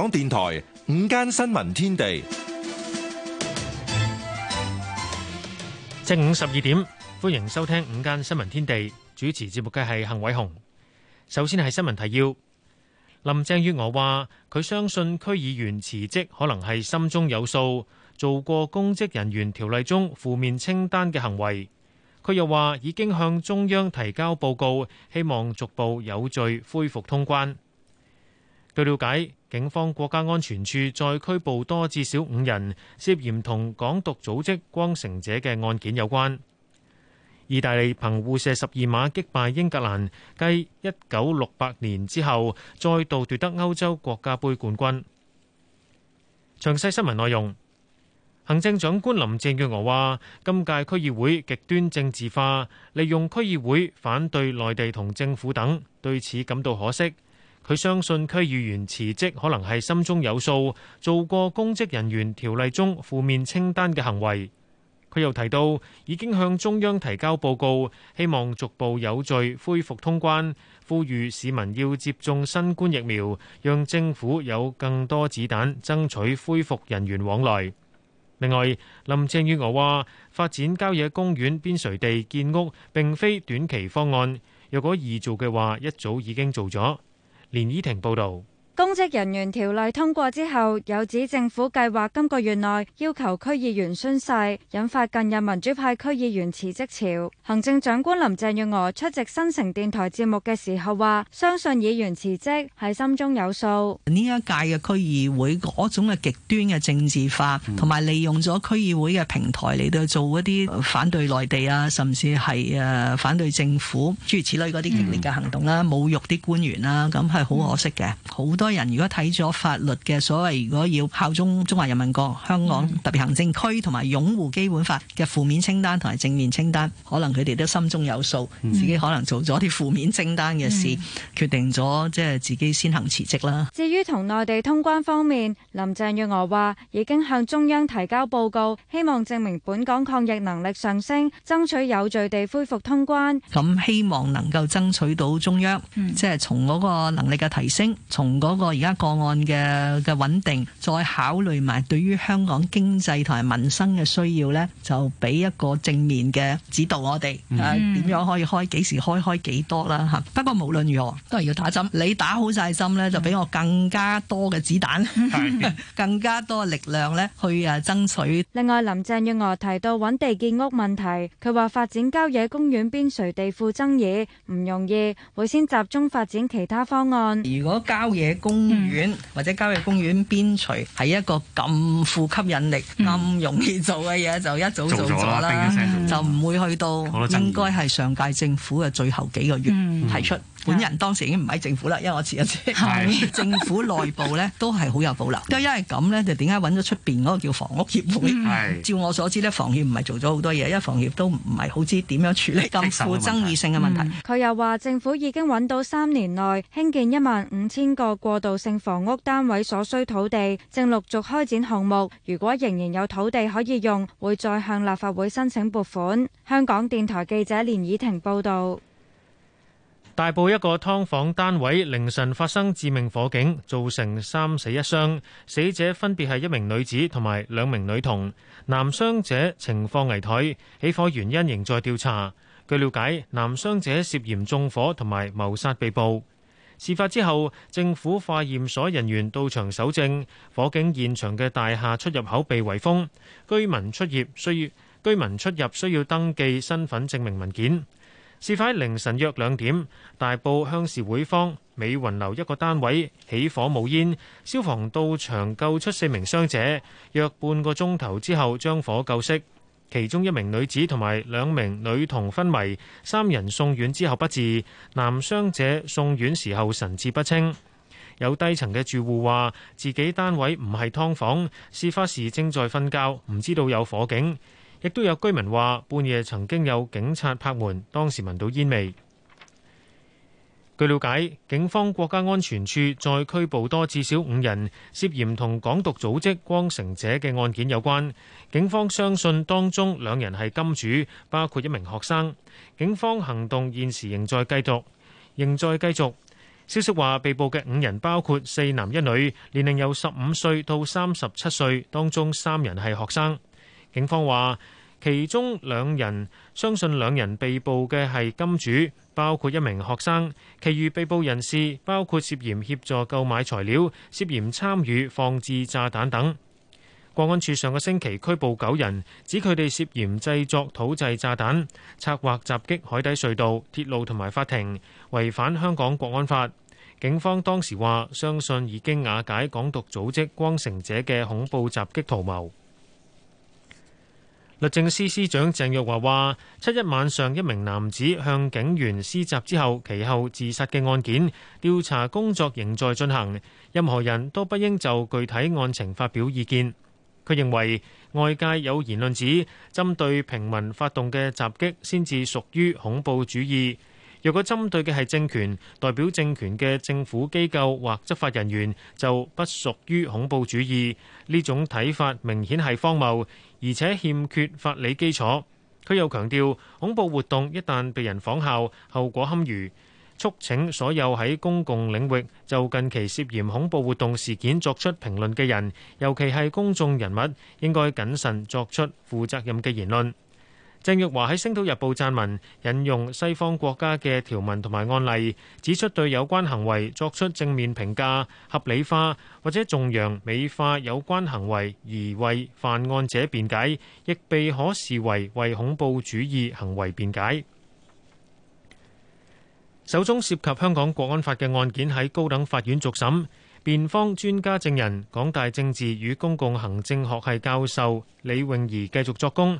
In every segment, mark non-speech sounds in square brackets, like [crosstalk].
香港電台午間新聞天地，正午十二點，歡迎收聽午間新聞天地。主持節目嘅係幸偉雄。首先係新聞提要。林鄭月娥話：佢相信區議員辭職可能係心中有數，做過公職人員條例中負面清單嘅行為。佢又話已經向中央提交報告，希望逐步有序恢復通關。據了解，警方國家安全處再拘捕多至少五人，涉嫌同港獨組織光城者嘅案件有關。意大利憑互射十二碼擊敗英格蘭，繼一九六八年之後再度奪得歐洲國家杯冠軍。詳細新聞內容，行政長官林鄭月娥話：今屆區議會極端政治化，利用區議會反對內地同政府等，對此感到可惜。佢相信區議員辭職可能係心中有數，做過公職人員條例中負面清單嘅行為。佢又提到已經向中央提交報告，希望逐步有序恢復通關。呼籲市民要接種新冠疫苗，讓政府有更多子彈爭取恢復人員往來。另外，林鄭月娥話：發展郊野公園邊陲地建屋並非短期方案，若果易做嘅話，一早已經做咗。連依婷報道。公職人員條例通過之後，有指政府計劃今個月內要求區議員宣誓，引發近日民主派區議員辭職潮。行政長官林鄭月娥出席新城電台節目嘅時候話，相信議員辭職，係心中有數。呢一屆嘅區議會嗰種嘅極端嘅政治化，同埋利用咗區議會嘅平台嚟到做一啲反對內地啊，甚至係誒反對政府諸如此類嗰啲激烈嘅行動啦，侮辱啲官員啦，咁係好可惜嘅，好多。人如果睇咗法律嘅所謂，如果要效忠中華人民國香港特別行政區同埋擁護基本法嘅負面清單同埋正面清單，可能佢哋都心中有數，自己可能做咗啲負面清單嘅事，決定咗即係自己先行辭職啦。至於同內地通關方面，林鄭月娥話已經向中央提交報告，希望證明本港抗疫能力上升，爭取有序地恢復通關。咁希望能夠爭取到中央，嗯、即係從嗰個能力嘅提升，從嗰、嗰個個而家個案嘅嘅穩定，再考慮埋對於香港經濟同埋民生嘅需要呢就俾一個正面嘅指導我哋，誒點、mm hmm. 啊、樣可以開，幾時開，開，開幾多啦吓。嗯、不過無論如何，都係要打針。你打好晒針呢就俾我更加多嘅子彈，mm hmm. [laughs] 更加多嘅力量呢去啊爭取。另外，林鄭月娥提到揾地建屋問題，佢話發展郊野公園邊陲地帶爭議唔容易，會先集中發展其他方案。如果郊野，公園或者郊野公園邊陲，係一個咁富吸引力、咁、嗯、容易做嘅嘢，就一早做咗啦，啦嗯、就唔會去到應該係上屆政府嘅最後幾個月、嗯、提出。本人當時已經唔喺政府啦，因為我辭咗職。是政府內部咧 [laughs] 都係好有保留，都因為咁咧，就點解揾咗出邊嗰個叫房屋協會？是照我所知咧，房協唔係做咗好多嘢，因為房協都唔係好知點樣處理咁負爭議性嘅問題。佢、嗯、又話，政府已經揾到三年內興建一萬五千個過渡性房屋單位所需土地，正陸續開展項目。如果仍然有土地可以用，會再向立法會申請撥款。香港電台記者連以婷報導。大埔一個㓥房單位凌晨發生致命火警，造成三死一傷，死者分別係一名女子同埋兩名女童，男傷者情況危殆。起火原因仍在調查。據了解，男傷者涉嫌縱火同埋謀殺被捕。事發之後，政府化驗所人員到場搜證，火警現場嘅大廈出入口被圍封，居民出業需要，居民出入需要登記身份證明文件。事發喺凌晨約兩點，大埔鄉事會坊美雲樓一個單位起火冒煙，消防到場救出四名傷者，約半個鐘頭之後將火救熄。其中一名女子同埋兩名女童昏迷，三人送院之後不治，男傷者送院時候神志不清。有低層嘅住戶話，自己單位唔係劏房，事發時正在瞓覺，唔知道有火警。亦都有居民話，半夜曾經有警察拍門，當時聞到煙味。據了解，警方國家安全處再拘捕多至少五人，涉嫌同港獨組織光城者嘅案件有關。警方相信當中兩人係金主，包括一名學生。警方行動現時仍在繼續，仍在繼續。消息話，被捕嘅五人包括四男一女，年齡由十五歲到三十七歲，當中三人係學生。警方話，其中兩人，相信兩人被捕嘅係金主，包括一名學生，其餘被捕人士包括涉嫌協助購買材料、涉嫌參與放置炸彈等。國安處上個星期拘捕九人，指佢哋涉嫌製作土製炸彈、策劃襲擊海底隧道、鐵路同埋法庭，違反香港國安法。警方當時話，相信已經瓦解港獨組織光城者嘅恐怖襲擊圖謀。律政司司長鄭若驊話，七一晚上一名男子向警員施襲之後，其後自殺嘅案件調查工作仍在進行，任何人都不應就具體案情發表意見。佢認為外界有言論指，針對平民發動嘅襲擊先至屬於恐怖主義，若果針對嘅係政權、代表政權嘅政府機構或執法人員，就不屬於恐怖主義。呢種睇法明顯係荒謬。而且欠缺法理基礎，佢又強調恐怖活動一旦被人仿效，後果堪虞，促請所有喺公共領域就近期涉嫌恐怖活動事件作出評論嘅人，尤其係公眾人物，應該謹慎作出負責任嘅言論。鄭玉華喺《星島日報》撰文，引用西方國家嘅條文同埋案例，指出對有關行為作出正面評價、合理化或者縱容美化有關行為而為犯案者辯解，亦被可視為為恐怖主義行為辯解。首宗涉及香港國安法嘅案件喺高等法院續審，辯方專家證人港大政治與公共行政學系教授李詠儀繼續作供。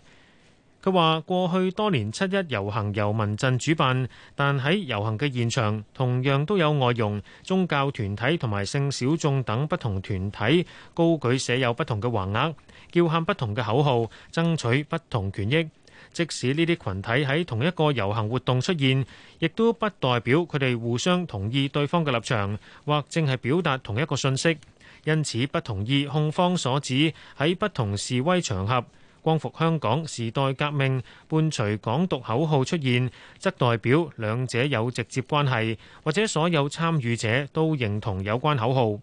佢話：過去多年七一遊行由民陣主辦，但喺遊行嘅現場，同樣都有外傭、宗教團體同埋性小眾等不同團體高舉寫有不同嘅橫額，叫喊不同嘅口號，爭取不同權益。即使呢啲群體喺同一個遊行活動出現，亦都不代表佢哋互相同意對方嘅立場，或正係表達同一個訊息。因此，不同意控方所指喺不同示威場合。光復香港時代革命伴隨港獨口號出現，則代表兩者有直接關係，或者所有參與者都認同有關口號。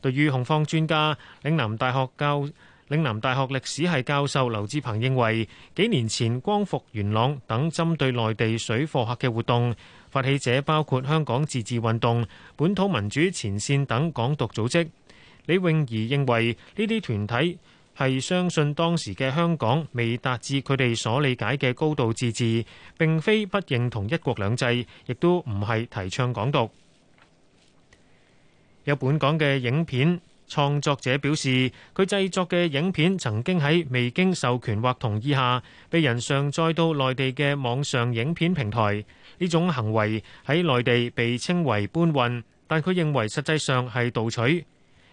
對於控方專家，嶺南大學教嶺南大學歷史系教授劉智鵬認為，幾年前光復元朗等針對內地水貨客嘅活動，發起者包括香港自治運動、本土民主前線等港獨組織。李詠儀認為呢啲團體係相信當時嘅香港未達至佢哋所理解嘅高度自治，並非不認同一國兩制，亦都唔係提倡港獨。有本港嘅影片創作者表示，佢製作嘅影片曾經喺未經授權或同意下，被人上載到內地嘅網上影片平台。呢種行為喺內地被稱為搬運，但佢認為實際上係盜取。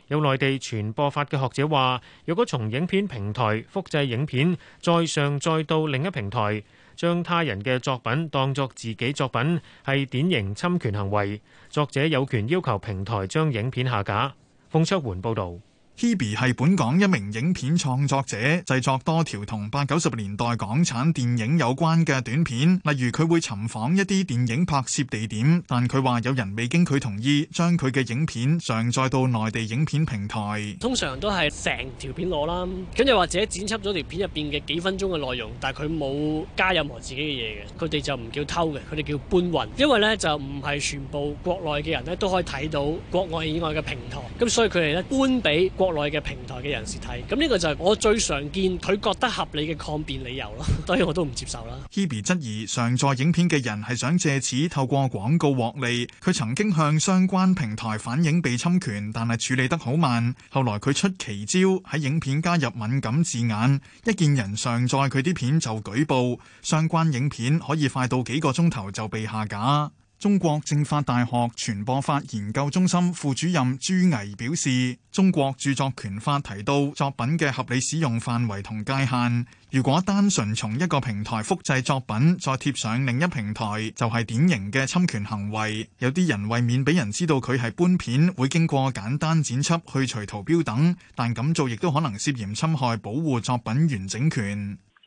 有內地傳播法嘅學者話，如果從影片平台複製影片，再上載到另一平台，將他人嘅作品當作自己作品，係典型侵權行為。作者有權要求平台將影片下架。馮卓媛報導。Hebe 係本港一名影片創作者，製作多條同八九十年代港產電影有關嘅短片。例如佢會尋訪一啲電影拍攝地點，但佢話有人未經佢同意，將佢嘅影片上載到內地影片平台。通常都係成條片攞啦，跟住或者剪輯咗條片入邊嘅幾分鐘嘅內容，但係佢冇加任何自己嘅嘢嘅，佢哋就唔叫偷嘅，佢哋叫搬運。因為咧就唔係全部國內嘅人咧都可以睇到國外以外嘅平台，咁所以佢哋咧搬俾國國內嘅平台嘅人士睇，咁呢個就係我最常見佢覺得合理嘅抗辯理由咯，當然我都唔接受啦。Hebe 質疑上載影片嘅人係想借此透過廣告獲利，佢曾經向相關平台反映被侵權，但係處理得好慢。後來佢出奇招，喺影片加入敏感字眼，一見人上載佢啲片就舉報，相關影片可以快到幾個鐘頭就被下架。中國政法大學傳播法研究中心副主任朱巍，表示，中國著作權法提到作品嘅合理使用範圍同界限。如果單純從一個平台複製作品再貼上另一平台，就係典型嘅侵權行為。有啲人為免俾人知道佢係搬片，會經過簡單剪輯、去除圖標等，但咁做亦都可能涉嫌侵害保護作品完整權。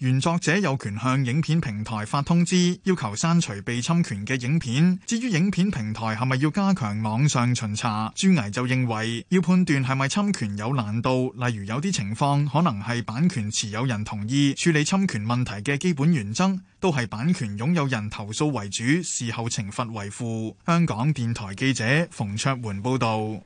原作者有權向影片平台發通知，要求刪除被侵權嘅影片。至於影片平台係咪要加強網上巡查，朱毅就認為要判斷係咪侵權有難度，例如有啲情況可能係版權持有人同意處理侵權問題嘅基本原則都係版權擁有人投訴為主，事後懲罰為輔。香港電台記者馮卓媛報道。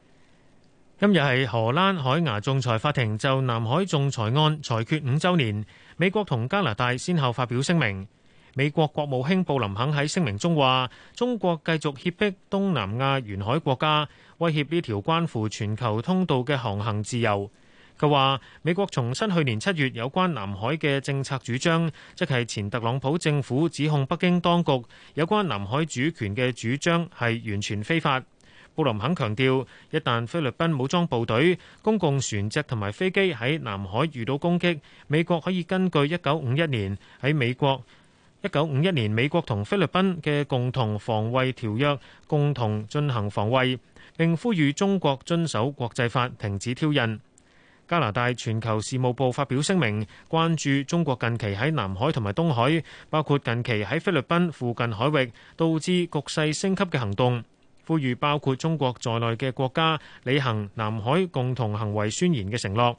今日係荷蘭海牙仲裁法庭就南海仲裁案裁決五週年，美國同加拿大先後發表聲明。美國國務卿布林肯喺聲明中話：中國繼續脅迫東南亞沿海國家，威脅呢條關乎全球通道嘅航行自由。佢話：美國重申去年七月有關南海嘅政策主張，即係前特朗普政府指控北京當局有關南海主權嘅主張，係完全非法。布林肯強調，一旦菲律賓武裝部隊、公共船隻同埋飛機喺南海遇到攻擊，美國可以根據一九五一年喺美國、一九五一年美國同菲律賓嘅共同防衛條約，共同進行防衛。並呼籲中國遵守國際法，停止挑釁。加拿大全球事務部發表聲明，關注中國近期喺南海同埋東海，包括近期喺菲律賓附近海域導致局勢升級嘅行動。呼籲包括中國在內嘅國家履行南海共同行為宣言嘅承諾。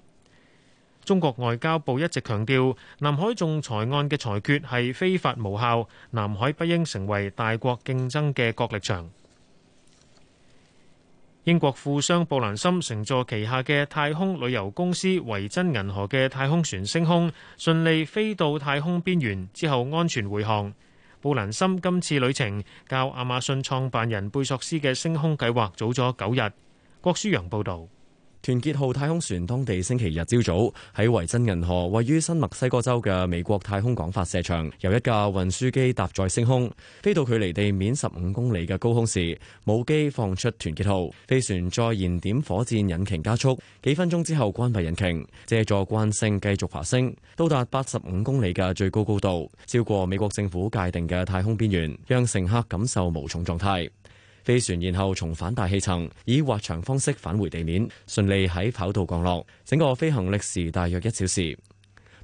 中國外交部一直強調，南海仲裁案嘅裁決係非法無效，南海不應成為大國競爭嘅角力場。英國富商布蘭森乘坐旗下嘅太空旅遊公司維珍銀河嘅太空船升空，順利飛到太空邊緣之後安全回航。布蘭森今次旅程，較亞馬遜創辦人貝索斯嘅升空計劃早咗九日。郭書陽報導。團結號太空船當地星期日朝早喺維珍銀河位於新墨西哥州嘅美國太空港發射場，由一架運輸機搭載升空，飛到距離地面十五公里嘅高空時，母機放出團結號飛船，再燃點火箭引擎加速，幾分鐘之後關閉引擎，借助慣性繼續爬升，到達八十五公里嘅最高高度，超過美國政府界定嘅太空邊緣，讓乘客感受無重狀態。飛船然後重返大氣層，以滑翔方式返回地面，順利喺跑道降落。整個飛行歷時大約一小時。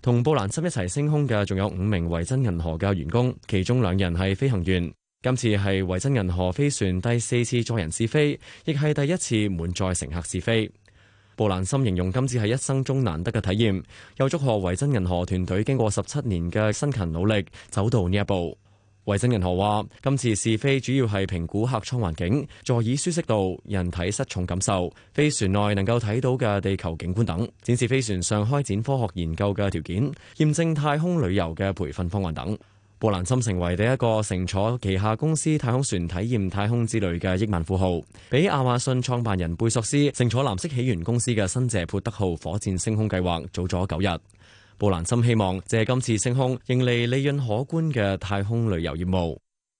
同布蘭森一齊升空嘅仲有五名維珍銀河嘅員工，其中兩人係飛行員。今次係維珍銀河飛船第四次載人試飛，亦係第一次滿載乘客試飛。布蘭森形容今次係一生中難得嘅體驗，又祝賀維珍銀河團隊經過十七年嘅辛勤努力，走到呢一步。維珍銀河話：今次試飛主要係評估客艙環境、座椅舒適度、人體失重感受、飛船內能夠睇到嘅地球景觀等，展示飛船上開展科學研究嘅條件，驗證太空旅遊嘅培訓方案等。布蘭森成為第一個乘坐旗下公司太空船體驗太空之旅嘅億萬富豪，比亞馬遜創辦人貝索斯乘坐藍色起源公司嘅新謝潑德號火箭升空計劃早咗九日。布蘭森希望借今次升空，迎嚟利潤可觀嘅太空旅遊業務。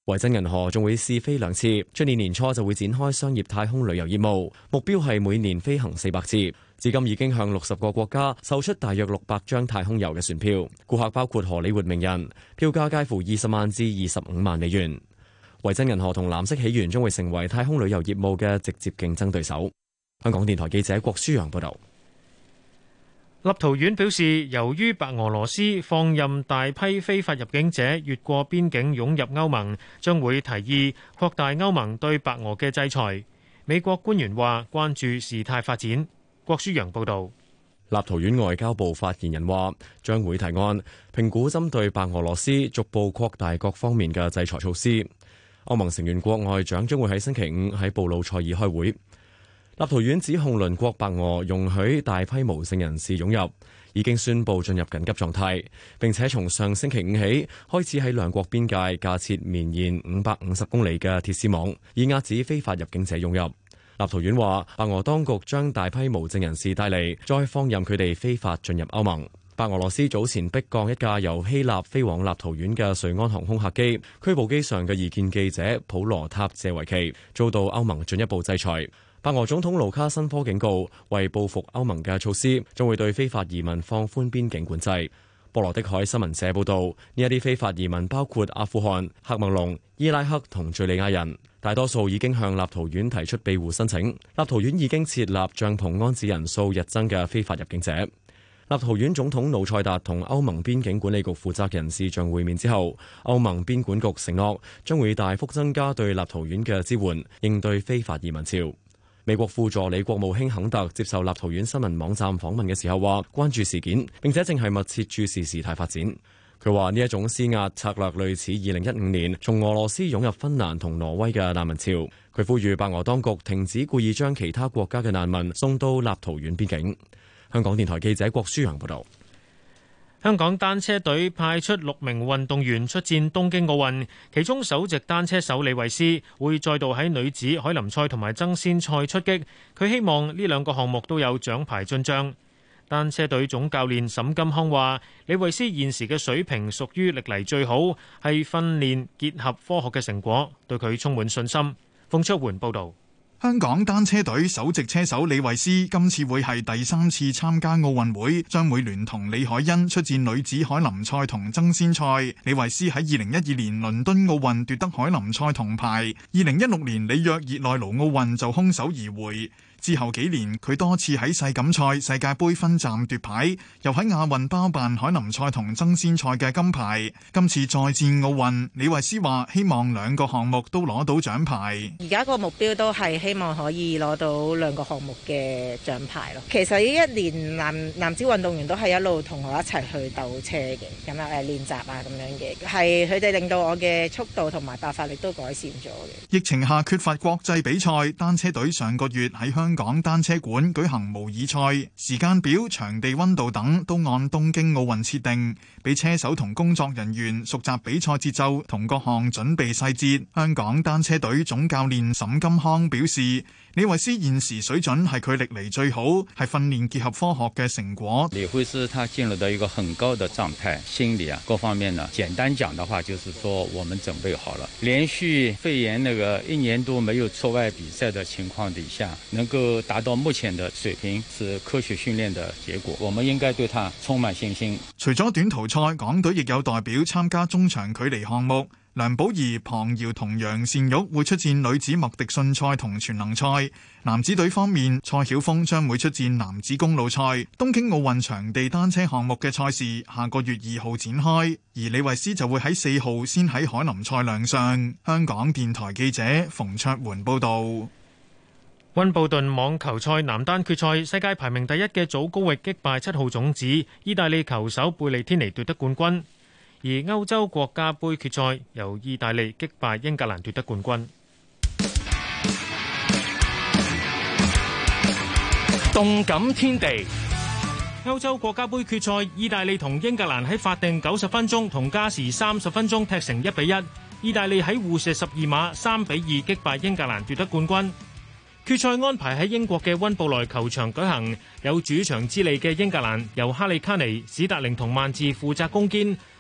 維珍銀河仲會試飛兩次，出年年初就會展開商業太空旅遊業務，目標係每年飛行四百次。至今已經向六十個國家售出大約六百張太空遊嘅船票，顧客包括荷里活名人，票價介乎二十萬至二十五萬美元。維珍銀河同藍色起源將會成為太空旅遊業務嘅直接競爭對手。香港電台記者郭舒揚報道。立陶宛表示，由於白俄羅斯放任大批非法入境者越過邊境湧入歐盟，將會提議擴大歐盟對白俄嘅制裁。美國官員話關注事態發展。郭舒陽報導。立陶宛外交部發言人話將會提案評估針對白俄羅斯逐步擴大各方面嘅制裁措施。歐盟成員國外長將會喺星期五喺布魯塞爾開會。立陶宛指控鄰國白俄容許大批無證人士湧入，已經宣佈進入緊急狀態。並且從上星期五起，開始喺兩國邊界架設綿延五百五十公里嘅鐵絲網，以壓止非法入境者湧入。立陶宛話，白俄當局將大批無證人士帶嚟，再放任佢哋非法進入歐盟。白俄羅斯早前逼降一架由希臘飛往立陶宛嘅瑞安航空客機，拘捕機上嘅異見記者普羅塔謝維奇，遭到歐盟進一步制裁。白俄總統盧卡申科警告，為報復歐盟嘅措施，將會對非法移民放寬邊境管制。波羅的海新聞社報導，呢一啲非法移民包括阿富汗、喀麥隆、伊拉克同敘利亞人，大多數已經向立陶宛提出庇護申請。立陶宛已經設立帳篷安置人數日增嘅非法入境者。立陶宛總統瑙塞達同歐盟邊境管理局負責人視像會面之後，歐盟邊管局承諾將會大幅增加對立陶宛嘅支援，應對非法移民潮。美國副助理國務卿肯特接受立陶宛新聞網站訪問嘅時候話：關注事件，並且正係密切注視事態發展。佢話呢一種施壓策略類似二零一五年從俄羅斯湧入芬蘭同挪威嘅難民潮。佢呼籲白俄當局停止故意將其他國家嘅難民送到立陶宛邊境。香港電台記者郭舒洋報道。香港單車隊派出六名運動員出戰東京奧運，其中首席單車手李慧詩會再度喺女子凱林賽同埋爭先賽出擊。佢希望呢兩個項目都有獎牌進賬。單車隊總教練沈金康話：李慧詩現時嘅水平屬於歷嚟最好，係訓練結合科學嘅成果，對佢充滿信心。馮卓煥報道。香港單車隊首席車手李慧詩今次會係第三次參加奧運會，將會聯同李海恩出戰女子凱林賽同爭先賽。李慧詩喺二零一二年倫敦奧運奪得凱林賽銅牌，二零一六年里約熱內盧奧運就空手而回。之後幾年，佢多次喺世錦賽、世界盃分站奪牌，又喺亞運包辦凱林賽同爭先賽嘅金牌。今次再戰奧運，李慧詩話：希望兩個項目都攞到獎牌。而家個目標都係希望可以攞到兩個項目嘅獎牌咯。其實呢一年男男子運動員都係一路同我一齊去鬥車嘅咁樣誒練習啊咁樣嘅，係佢哋令到我嘅速度同埋爆發力都改善咗。疫情下缺乏國際比賽，單車隊上個月喺香香港單車館舉行模擬賽，時間表、場地、温度等都按東京奧運設定，俾車手同工作人員熟習比賽節奏同各項準備細節。香港單車隊總教練沈金康表示。李慧斯現時水準係佢歷嚟最好，係訓練結合科學嘅成果。李慧斯，他進入到一個很高的狀態，心理啊各方面呢，簡單講的話，就是說我們準備好了。連續肺炎那個一年多沒有出外比賽的情況底下，能夠達到目前的水平，是科學訓練的結果。我們應該對他充滿信心。除咗短途賽，港隊亦有代表參加中長距離項目。梁寶儀、龐瑤同楊善玉會出戰女子麥迪遜賽同全能賽。男子隊方面，蔡曉峰將會出戰男子公路賽。東京奧運場地單車項目嘅賽事下個月二號展開，而李慧詩就會喺四號先喺海林賽亮相。香港電台記者馮卓桓報道。溫布頓網球賽男單決賽，世界排名第一嘅祖高域擊敗七號種子意大利球手貝利天尼奪得冠軍。而歐洲國家杯決賽由意大利擊敗英格蘭奪得冠軍。動感天地，歐洲國家杯決賽，意大利同英格蘭喺法定九十分鐘同加時三十分鐘踢成一比一。意大利喺互射十二碼三比二擊敗英格蘭奪得冠軍。決賽安排喺英國嘅溫布萊球場舉行，有主場之利嘅英格蘭由哈利卡尼、史達寧同萬治負責攻堅。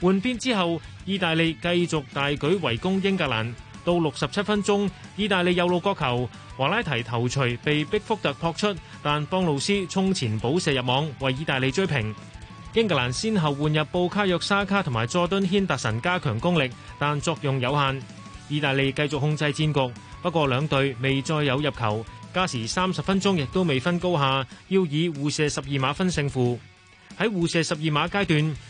換邊之後，意大利繼續大舉圍攻英格蘭。到六十七分鐘，意大利右路角球，華拉提頭槌被畢福特撲出，但邦路斯衝前補射入網，為意大利追平。英格蘭先後換入布卡約沙卡同埋佐敦軒達臣加強攻力，但作用有限。意大利繼續控制戰局，不過兩隊未再有入球。加時三十分鐘亦都未分高下，要以互射十二碼分勝負。喺互射十二碼階段，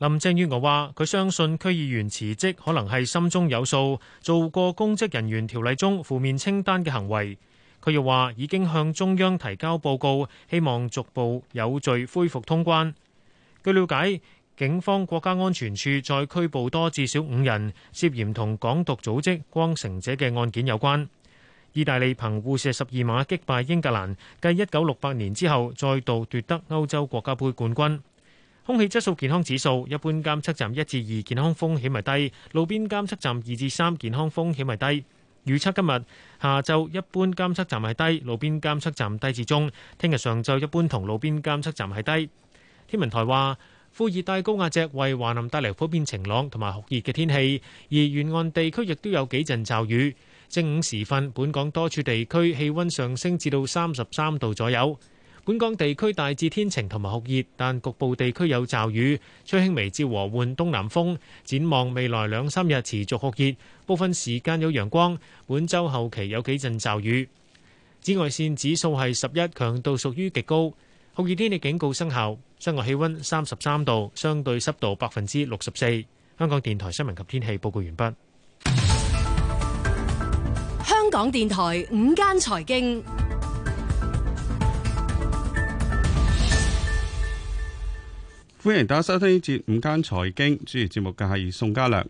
林鄭月娥話：佢相信區議員辭職可能係心中有數，做過公職人員條例中負面清單嘅行為。佢又話已經向中央提交報告，希望逐步有序恢復通關。據了解，警方國家安全處再拘捕多至少五人，涉嫌同港獨組織光城者嘅案件有關。意大利憑互射十二碼擊敗英格蘭，繼一九六八年之後再度奪得歐洲國家杯冠軍。空氣質素健康指數，一般監測站一至二，健康風險係低；路邊監測站二至三，健康風險係低。預測今日下晝一般監測站係低，路邊監測站低至中。聽日上晝一般同路邊監測站係低。天文台話，副熱帶高壓脊為華南帶嚟普遍晴朗同埋酷熱嘅天氣，而沿岸地區亦都有幾陣驟雨。正午時分，本港多處地區氣温上升至到三十三度左右。本港地區大致天晴同埋酷熱，但局部地區有驟雨，吹輕微至和緩東南風。展望未來兩三日持續酷熱，部分時間有陽光。本周後期有幾陣驟雨。紫外線指數係十一，強度屬於極高。酷熱天氣警告生效。室外氣溫三十三度，相對濕度百分之六十四。香港電台新聞及天氣報告完畢。香港電台午間財經。歡迎大家收聽呢節午間財經，主持節目嘅係宋家良。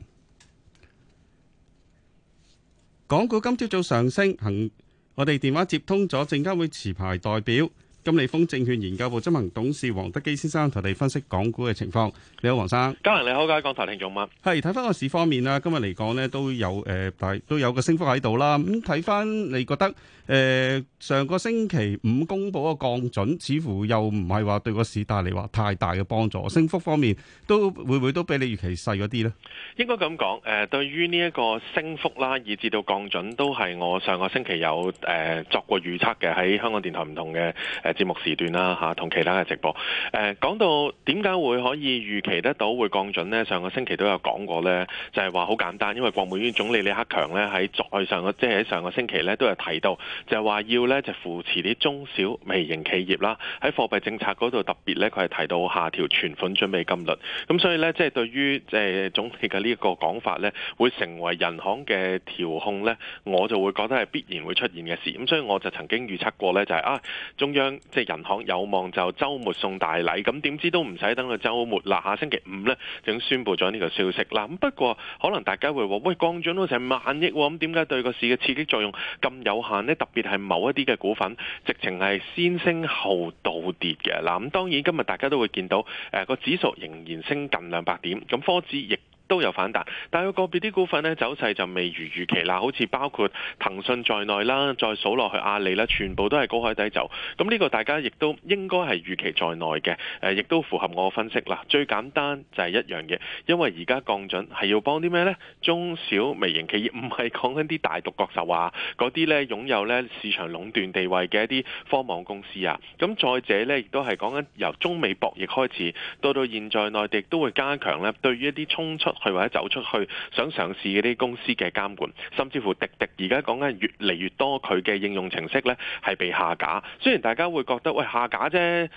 港股今朝早上升，行我哋電話接通咗證監會持牌代表。金利豐證券研究部執行董事黃德基先生同我哋分析港股嘅情況。你好，黃生。嘉玲，你好，各位港台聽眾們。係睇翻個市方面啦，今日嚟講呢都有誒，但係都有個升幅喺度啦。咁睇翻，你覺得誒上個星期五公布個降準，似乎又唔係話對個市帶嚟話太大嘅幫助。升幅方面，都會唔會都比你預期細嗰啲呢？應該咁講，誒，對於呢一個升幅啦，以至到降準，都係我上個星期有誒作過預測嘅，喺香港電台唔同嘅。節目時段啦，嚇、啊、同其他嘅直播。誒、啊、講到點解會可以預期得到會降準呢？上個星期都有講過呢，就係話好簡單，因為國務院總理李克強呢，喺在，在上個即係喺上個星期呢都有提到，就係、是、話要呢，就扶持啲中小微型企業啦。喺貨幣政策嗰度特別呢，佢係提到下調存款準備金率。咁所以呢，即、就、係、是、對於即係、就是、總理嘅呢個講法呢，會成為人行嘅調控呢，我就會覺得係必然會出現嘅事。咁所以我就曾經預測過呢，就係、是、啊中央。即係銀行有望就週末送大禮，咁點知都唔使等到週末，嗱，下星期五呢已經宣布咗呢個消息啦。咁不過可能大家會話，喂降準都成萬億，咁點解對個市嘅刺激作用咁有限呢？特別係某一啲嘅股份，直情係先升後倒跌嘅。嗱，咁當然今日大家都會見到，誒、呃、個指數仍然升近兩百點，咁科指亦都有反彈，但係個別啲股份呢，走勢就未如預期啦，好似包括騰訊在內啦，再數落去阿里啦，全部都係高開低走，咁呢個大家亦都應該係預期在內嘅，誒，亦都符合我分析啦。最簡單就係一樣嘢，因為而家降準係要幫啲咩呢？中小微型企業，唔係講緊啲大獨角獸啊，嗰啲呢擁有呢市場壟斷地位嘅一啲科網公司啊，咁再者呢，亦都係講緊由中美博弈開始，到到現在內地都會加強呢對於一啲衝出。去或者走出去想上市嗰啲公司嘅監管，甚至乎滴滴而家講緊越嚟越多佢嘅應用程式咧，係被下架。雖然大家會覺得喂，下架啫。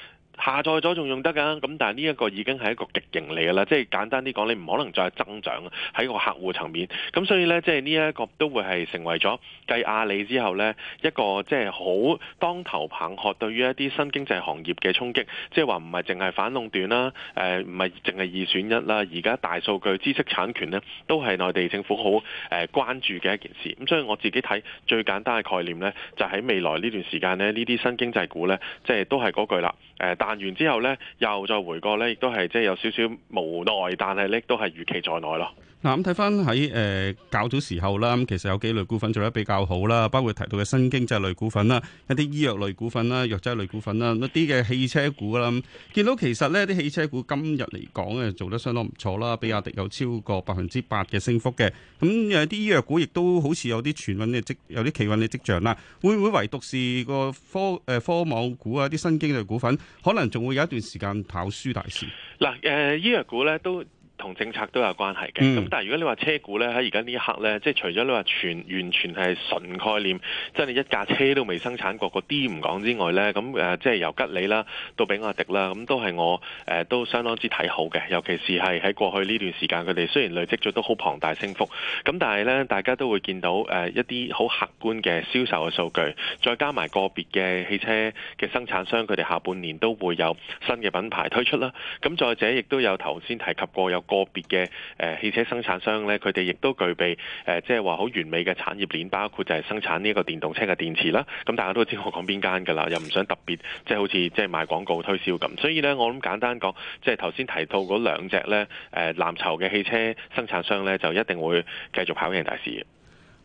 下載咗仲用得噶，咁但係呢一個已經係一個極盈利嘅啦。即係簡單啲講，你唔可能再增長喺個客戶層面。咁所以呢，即係呢一個都會係成為咗繼阿里之後呢一個即係好當頭棒喝，對於一啲新經濟行業嘅衝擊。即係話唔係淨係反壟斷啦，誒唔係淨係二選一啦。而家大數據、知識產權呢，都係內地政府好誒關注嘅一件事。咁所以我自己睇最簡單嘅概念呢，就喺、是、未來呢段時間呢，呢啲新經濟股呢，即係都係嗰句啦，誒、呃。彈完之後呢，又再回過呢，亦都係即係有少少無奈，但係呢都係預期在內咯。嗱，咁睇翻喺誒較早時候啦，咁其實有幾類股份做得比較好啦，包括提到嘅新經濟類股份啦，一啲醫藥類股份啦，藥劑類股份啦，一啲嘅汽車股啦。見到其實呢，啲汽車股今日嚟講誒做得相當唔錯啦，比亞迪有超過百分之八嘅升幅嘅。咁有啲醫藥股亦都好似有啲傳聞嘅跡，有啲企穩嘅跡象啦。會唔會唯獨是個科誒科網股啊，啲新經濟類股份可可能仲會有一段時間跑輸大市。嗱，誒，醫藥股咧都。同政策都有關係嘅，咁、嗯、但係如果你話車股咧喺而家呢一刻咧，即係除咗你話全完全係純概念，即係一架車都未生產過嗰啲唔講之外咧，咁誒、呃、即係由吉利啦到比亞迪啦，咁都係我誒、呃、都相當之睇好嘅，尤其是係喺過去呢段時間，佢哋雖然累積咗都好龐大升幅，咁但係咧大家都會見到誒、呃、一啲好客觀嘅銷售嘅數據，再加埋個別嘅汽車嘅生產商佢哋下半年都會有新嘅品牌推出啦，咁再者亦都有頭先提及過有。個別嘅誒汽車生產商咧，佢哋亦都具備誒，即係話好完美嘅產業鏈，包括就係生產呢一個電動車嘅電池啦。咁大家都知我講邊間噶啦，又唔想特別即係好似即係賣廣告推銷咁。所以咧，我諗簡單講，即係頭先提到嗰兩隻咧誒，藍籌嘅汽車生產商咧，就一定會繼續跑贏大市。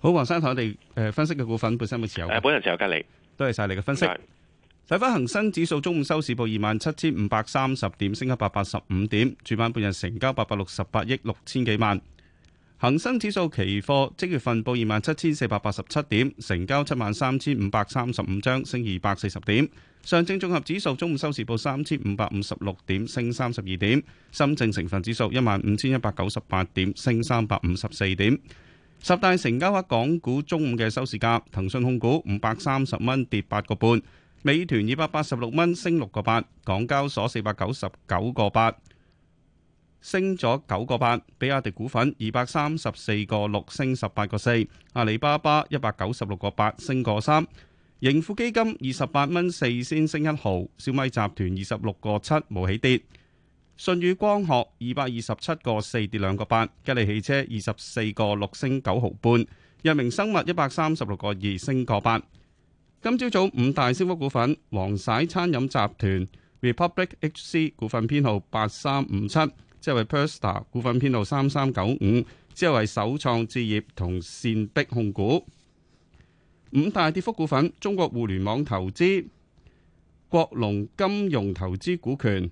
好，黃生同我哋誒分析嘅股份本身有冇持有？誒、呃，本人持有吉利，多謝晒你嘅分析。睇翻恒生指數，中午收市報二萬七千五百三十點，升一百八十五點。主板半日成交八百六十八億六千幾萬。恒生指數期貨即月份報二萬七千四百八十七點，成交七萬三千五百三十五張，升二百四十點。上證綜合指數中午收市報三千五百五十六點，升三十二點。深證成分指數一萬五千一百九十八點，升三百五十四點。十大成交額港股中午嘅收市價，騰訊控股五百三十蚊，跌八個半。美團二百八十六蚊升六個八，港交所四百九十九個八升咗九個八，比亞迪股份二百三十四個六升十八個四，阿里巴巴一百九十六個八升個三，盈富基金二十八蚊四先升一毫，小米集團二十六個七冇起跌，舜宇光學二百二十七個四跌兩個八，吉利汽車二十四個六升九毫半，藥明生物一百三十六個二升個八。今朝早，早五大升幅股份：黃璽餐飲集團、Republic H C 股份編號八三五七，即係為 p e s t a r 股份編號三三九五，之後係首創置業同善壁控股。五大跌幅股份：中國互聯網投資、國龍金融投資股權、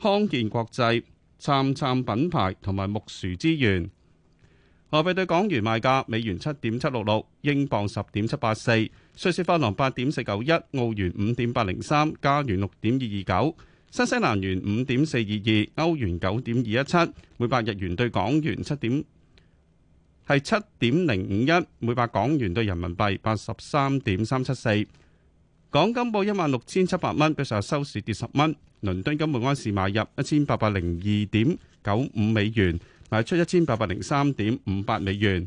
康健國際、杉杉品牌同埋木薯資源。外幣對港元賣價：美元七點七六六，英鎊十點七八四。瑞士法郎八點四九一，澳元五點八零三，加元六點二二九，新西蘭元五點四二二，歐元九點二一七，每百日元對港元七點，係七點零五一，51，每百港元對人民幣八十三點三七四。港金報一萬六千七百蚊，比上日收市跌十蚊。倫敦金每安士買入一千八百零二點九五美元，賣出一千八百零三點五八美元。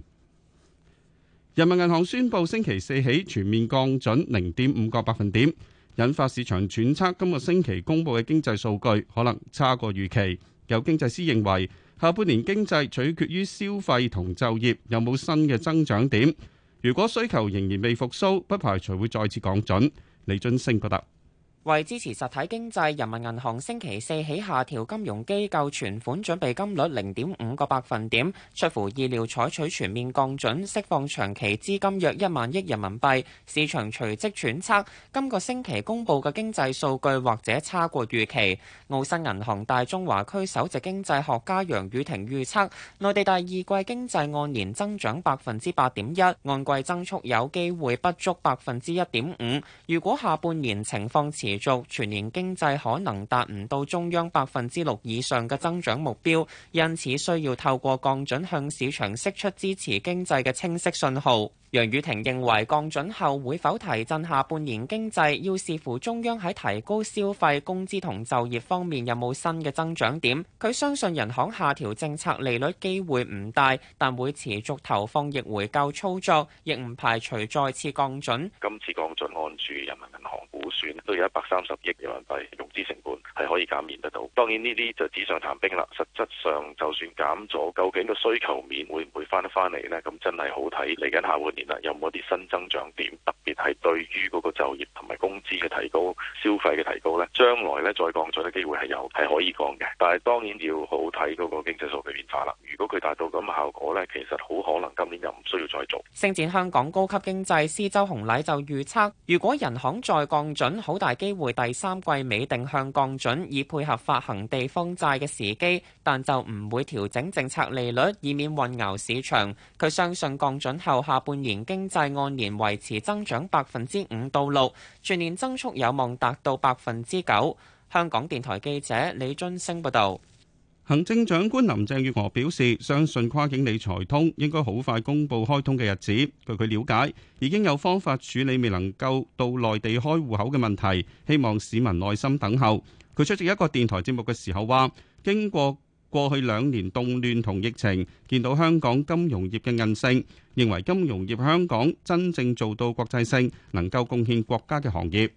人民銀行宣布星期四起全面降準零點五個百分點，引發市場揣測今個星期公布嘅經濟數據可能差過預期。有經濟師認為下半年經濟取決於消費同就業有冇新嘅增長點。如果需求仍然未復蘇，不排除會再次降準。李俊升報道。為支持實體經濟，人民銀行星期四起下調金融機構存款準備金率零點五個百分點，出乎意料採取全面降準，釋放長期資金約一萬億人民幣。市場隨即揣測，今個星期公布嘅經濟數據或者差過預期。澳新銀行大中華區首席經濟學家楊宇婷預測，內地第二季經濟按年增長百分之八點一，按季增速有機會不足百分之一點五。如果下半年情況持，續全年經濟可能達唔到中央百分之六以上嘅增長目標，因此需要透過降準向市場釋出支持經濟嘅清晰信號。楊雨婷認為降準後會否提振下半年經濟，要視乎中央喺提高消費、工資同就業方面有冇新嘅增長點。佢相信人行下調政策利率機會唔大，但會持續投放逆回購操作，亦唔排除再次降準。今次降準按住人民銀行估算，都有一百三十億人民幣融資成本係可以減免得到。當然呢啲就紙上談兵啦，實質上就算減咗，究竟個需求面會唔會翻得翻嚟呢？咁真係好睇，嚟緊下會。有冇啲新增長點，特別係對於嗰個就業同埋工資嘅提高、消費嘅提高咧，將來咧再降準嘅機會係有，係可以降嘅。但係當然要好睇嗰個經濟數據變化啦。如果佢達到咁嘅效果咧，其實好可能今年就唔需要再做。星展香港高級經濟師周洪禮就預測，如果人行再降準，好大機會第三季尾定向降準，以配合發行地方債嘅時機，但就唔會調整政策利率，以免混淆市場，佢相信降準後下半。年經濟按年維持增長百分之五到六，全年增速有望達到百分之九。香港電台記者李津升報道。行政長官林鄭月娥表示，相信跨境理財通應該好快公布開通嘅日子。據佢瞭解，已經有方法處理未能夠到內地開戶口嘅問題，希望市民耐心等候。佢出席一個電台節目嘅時候話，經過。過去兩年動亂同疫情，見到香港金融業嘅韌性，認為金融業香港真正做到國際性，能夠貢獻國家嘅行業。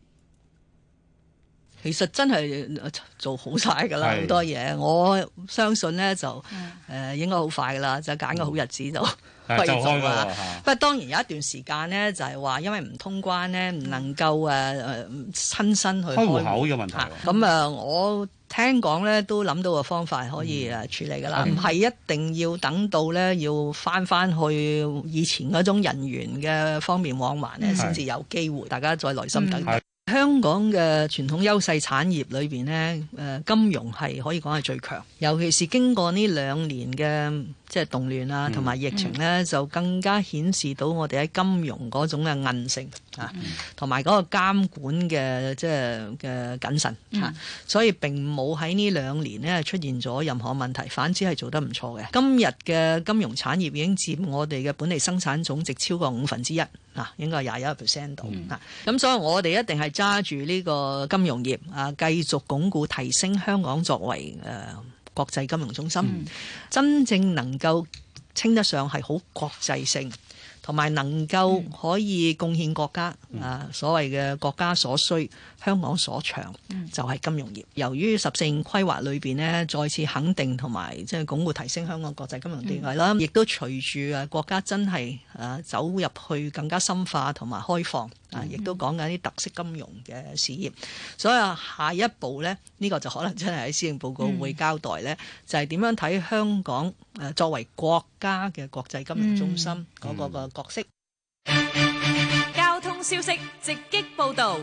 其實真係做好晒噶啦，好多嘢，我相信呢的、呃，就誒應該好快噶啦，就揀個好日子就開咗啊。不過當然有一段時間呢，就係話因為唔通關呢，唔能夠誒親、呃、身去開門口嘅問題。咁啊、呃，我聽講呢，都諗到個方法可以誒處理噶啦，唔係的一定要等到呢，要返返去以前嗰種人員嘅方面往還呢，先至的有機會。大家再耐心等香港嘅傳統優勢產業裏邊呢，誒金融係可以講係最強，尤其是經過呢兩年嘅即係動亂啊，同埋、嗯、疫情呢，就更加顯示到我哋喺金融嗰種嘅韌性啊，同埋嗰個監管嘅即係嘅謹慎嚇，啊嗯、所以並冇喺呢兩年呢出現咗任何問題，反之係做得唔錯嘅。今日嘅金融產業已經佔我哋嘅本地生產總值超過五分之一。嗱，應該係廿一 percent 度，嗱，咁、mm. 啊、所以我哋一定係揸住呢個金融業啊，繼續鞏固提升香港作為誒、呃、國際金融中心，mm. 真正能夠稱得上係好國際性。同埋能夠可以貢獻國家、嗯、啊，所謂嘅國家所需，香港所長、嗯、就係金融業。由於十四年規劃裏邊呢，再次肯定同埋即係鞏固提升香港國際金融地位啦，亦、嗯、都隨住啊國家真係啊走入去更加深化同埋開放。啊！亦都講緊啲特色金融嘅事業，所以下一步咧，呢、呢個就可能真係喺施政報告會交代呢、嗯、就係點樣睇香港誒作為國家嘅國際金融中心嗰個個角色。嗯嗯、交通消息直擊報道。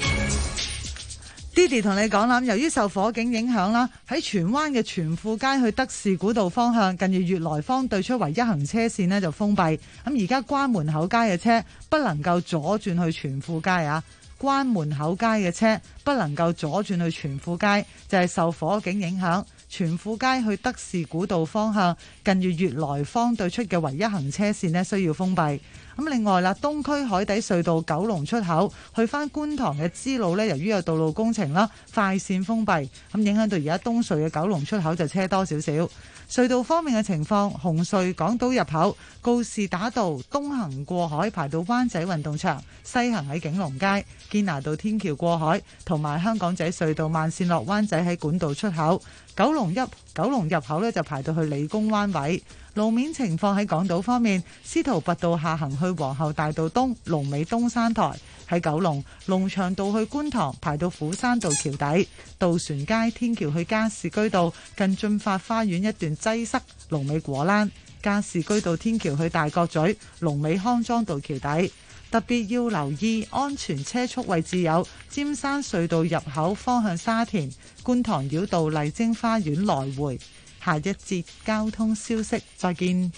Didi 同你講啦，由於受火警影響啦，喺荃灣嘅荃富街去德士古道方向，近住悅來坊對出唯一行車線咧就封閉。咁而家關門口街嘅車不能夠左轉去荃富街啊，關門口街嘅車不能夠左轉去荃富街，就係受火警影響，荃富街去德士古道方向近住悅來坊對出嘅唯一行車線咧需要封閉。咁另外啦，東區海底隧道九龍出口去翻觀塘嘅支路咧，由於有道路工程啦，快線封閉，咁影響到而家東隧嘅九龍出口就車多少少。隧道方面嘅情況，紅隧港島入口告士打道東行過海排到灣仔運動場，西行喺景隆街堅拿道天橋過海，同埋香港仔隧道慢線落灣仔喺管道出口。九龍入九龍入口咧就排到去理工灣位。路面情況喺港島方面，司徒拔道下行去皇后大道東龍尾東山台，喺九龍龍翔道去觀塘排到虎山道橋底，渡船街天橋去加士居道近駿發花園一段擠塞龍尾果欄，加士居道天橋去大角咀龍尾康莊道橋底。特別要留意安全車速位置，有尖山隧道入口方向沙田觀塘繞道麗晶花園來回。下一節交通消息再見。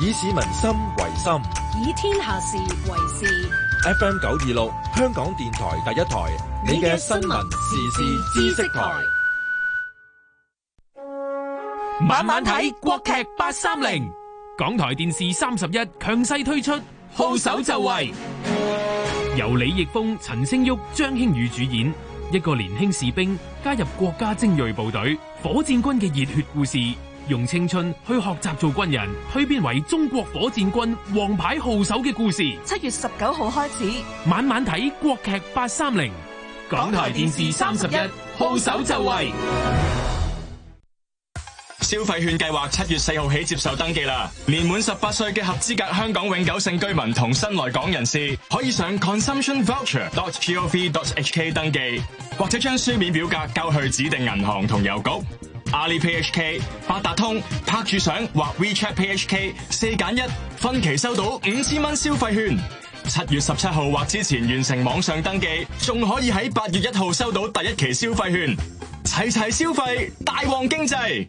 以市民心為心，以天下事為事。FM 九二六香港電台第一台，你嘅新聞時事知識台。晚晚睇國劇八三零。港台電視三十一強勢推出《號手就位》，由李易峰、陳星旭、張馨予主演，一個年輕士兵加入國家精銳部隊火箭軍嘅熱血故事，用青春去學習做軍人，蛻變為中國火箭軍王牌號手嘅故事。七月十九號開始，晚晚睇國劇八三零。港台電視三十一《號手就位》31，號手就位。消費券計劃七月四號起接受登記啦，年滿十八歲嘅合資格香港永久性居民同新來港人士，可以上 consumptionvoucher dot gov dot hk 登記，或者將書面表格交去指定銀行同郵局，阿里 PHK、八達通、拍住賞或 WeChat PHK 四揀一，1, 分期收到五千蚊消費券。七月十七號或之前完成網上登記，仲可以喺八月一號收到第一期消費券，齊齊消費，大旺經濟。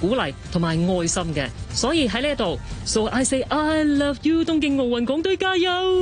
鼓勵同埋愛心嘅，所以喺呢一度，So I say I love you，東京奧運港隊加油！